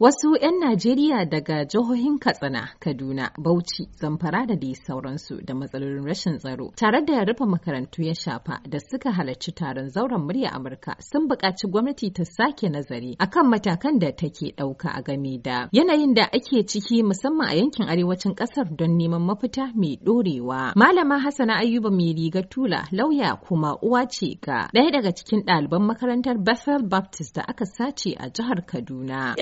Wasu 'yan Najeriya daga jihohin Katsina, Kaduna, Bauchi, Zamfara da dai sauransu da matsalolin rashin tsaro, tare da rufe makarantu ya shafa da suka halarci taron zauren murya Amurka sun buƙaci gwamnati ta sake nazari akan matakan da take ɗauka a game da yanayin da ake ciki musamman a yankin arewacin ƙasar don neman mafita mai ɗorewa. Malama Hassana Ayuba mai riga tula lauya kuma uwa ce ga ɗaya daga cikin ɗaliban makarantar Bethel Baptist da aka sace a jihar Kaduna.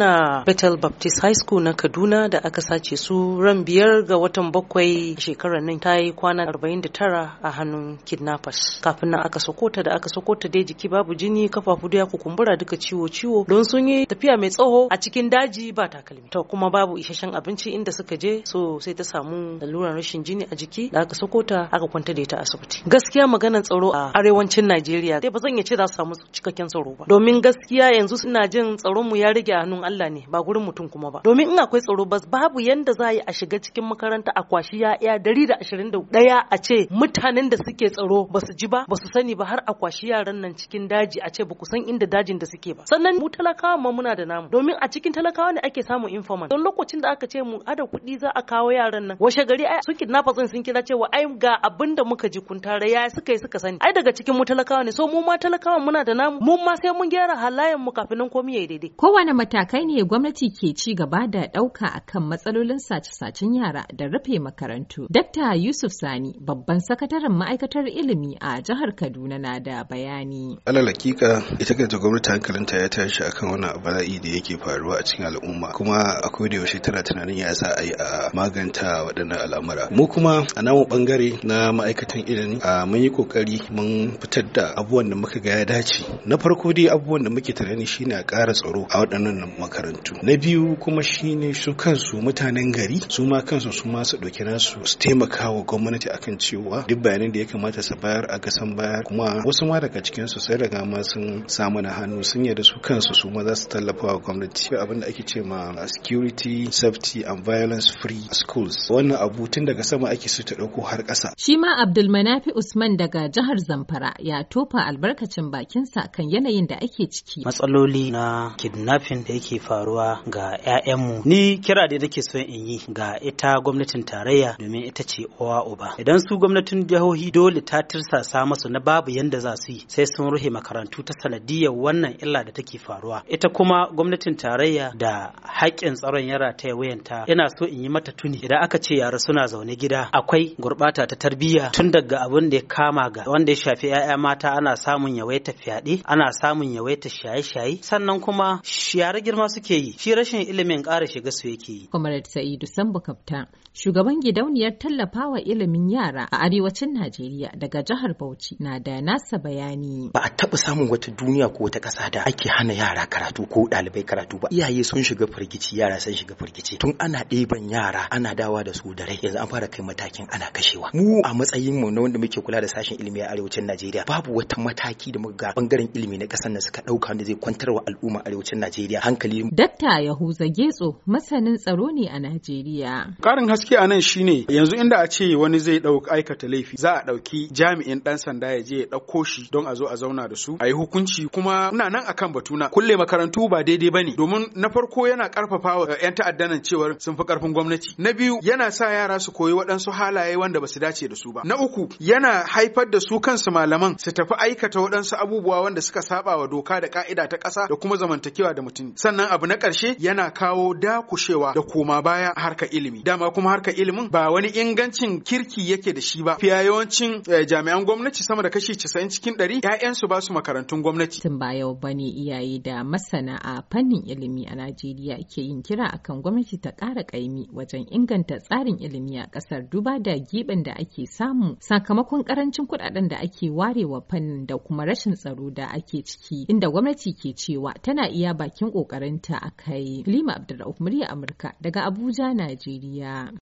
na Bethel Baptist High School na Kaduna da aka sace su ran biyar ga watan bakwai shekarar nan ta yi kwana 49 a hannun kidnappers. Kafin nan aka sokota da aka sokota dai jiki babu jini kafafu da ya kukumbura duka ciwo-ciwo don sun yi tafiya mai tsawo a cikin daji ba takalmi. To kuma babu isasshen abinci inda suka je so sai ta samu laluran rashin jini a jiki da aka sokota aka kwanta da ita asibiti. Gaskiya maganar tsaro a arewacin Najeriya dai ba zan iya ce za su samu cikakken tsaro ba. Domin gaskiya yanzu suna jin tsaron mu ya rage a hannun Allah ne ba gurin mutum kuma ba domin in akwai tsaro bas babu yanda za a shiga cikin makaranta a kwashi ya'ya dari da ashirin da ɗaya a ce mutanen da suke tsaro ba su ji ba ba su sani ba har a kwashi yaran nan cikin daji a ce ba ku san inda dajin da suke ba sannan mu talakawa ma muna da namu domin a cikin talakawa ne ake samun informant don lokacin da aka ce mu ada kuɗi za a kawo yaran nan washe gari ai sun kidnapa zan sun kira cewa ai ga abin da muka ji kun tare ya suka yi suka sani ai daga cikin mu talakawa ne so mu ma talakawa muna da namu mun ma sai mun gyara halayen mu kafin nan komai yayi daidai kowane matakai matakai ne gwamnati ke ci gaba da ɗauka akan matsalolin sace-sacen yara da rufe makarantu. Dakta Yusuf Sani, babban sakataren ma'aikatar ilimi a jihar Kaduna na da bayani. Alal hakika ita kanta gwamnati hankalinta ya tashi akan wannan bala'i da yake faruwa a cikin al'umma kuma akwai da yaushe tana tunanin ya sa a yi a maganta waɗannan al'amura. Mu kuma a namu bangare na ma'aikatan ilimi a mun yi kokari mun fitar da abubuwan da muka ga ya dace. Na farko dai abubuwan da muke tunani shine a ƙara tsaro a waɗannan makarantu na biyu kuma shine su kansu mutanen gari su ma kansu su ma su dauki nasu su taimaka wa gwamnati akan cewa duk bayanan da ya kamata su bayar a gasan bayar kuma wasu ma daga cikin su sai daga ma sun samu na hannu sun yarda su kansu su ma za su tallafa wa gwamnati abin da ake ce ma security safety and violence free schools wannan abu tun daga sama ake su ta dauko har ƙasa. shi ma abdulmanafi usman daga jihar zamfara ya tofa albarkacin bakinsa kan yanayin da ake ciki matsaloli na kidnapping da yake faruwa ga 'ya'yanmu ni kira da nake son in yi ga ita gwamnatin tarayya domin ita ce uwa uba idan su gwamnatin jihohi dole ta tirsasa masu na babu yanda za su yi sai sun rufe makarantu ta sanadiyar wannan illa da take faruwa ita kuma gwamnatin tarayya da haƙƙin tsaron yara ta wayanta ina so in yi mata tuni idan aka ce yara suna zaune gida akwai gurbata ta tarbiyya tun daga abin da ya kama ga wanda ya shafi 'ya'ya mata ana samun yawaita fyaɗe ana samun yawaita shaye-shaye sannan kuma yara girma suke yi shi rashin ilimin ƙara shiga su yake yi. Comrade Sa'idu Sambu Kapta, shugaban gidauniyar tallafawa ilimin yara a arewacin Najeriya daga jihar Bauchi na da nasa bayani. Ba a taɓa samun wata duniya ko wata ƙasa da ake hana yara karatu ko ɗalibai karatu ba iyaye sun shiga firgici yara sun shiga firgici tun ana ɗeban yara ana dawa da su da rai yanzu an fara kai matakin ana kashewa. Mu a matsayin mu na wanda muke kula da sashen ilimi a arewacin Najeriya babu wata mataki da muka ga bangaren ilimi na ƙasar nan suka ɗauka wanda zai kwantar wa al'umma arewacin Najeriya hankali Datta Dakta Yahuza Getso masanin tsaro ne a Najeriya. Karin haske a nan shine yanzu inda a ce wani zai ɗauka aikata laifi za a ɗauki jami'in ɗan sanda ya je ya ɗauko shi don a zo a zauna da su a yi hukunci kuma ina nan akan batuna kulle makarantu ba daidai bane domin na farko yana karfafa wa 'yan nan cewar sun fi karfin gwamnati na biyu yana sa yara su koyi waɗansu halaye wanda ba su dace da su ba na uku yana haifar da su kansu malaman su tafi aikata waɗansu abubuwa wanda suka saba wa doka da ka'ida ta ƙasa da kuma zamantakewa da mutum sannan abu na ƙarshe yana kawo dakushewa da koma baya a harkar ilimi dama kuma harkar ilimin ba wani ingancin kirki yake da shi ba fiya yawancin eh, jami'an gwamnati sama da kashi 90 cikin 100 su ba su makarantun gwamnati tun ba yau bane iyaye da masana a fannin ilimi a Najeriya ke yin kira akan gwamnati ta ƙara ƙaimi wajen inganta tsarin ilimi a ƙasar duba da giɓin da ake samu sakamakon ƙarancin kuɗaɗen da ake warewa fannin da kuma rashin tsaro da ake ciki inda gwamnati ke cewa tana iya bakin ƙoƙarin labarinta a kai. Lima Abdulrauf murya Amurka daga Abuja, Najeriya.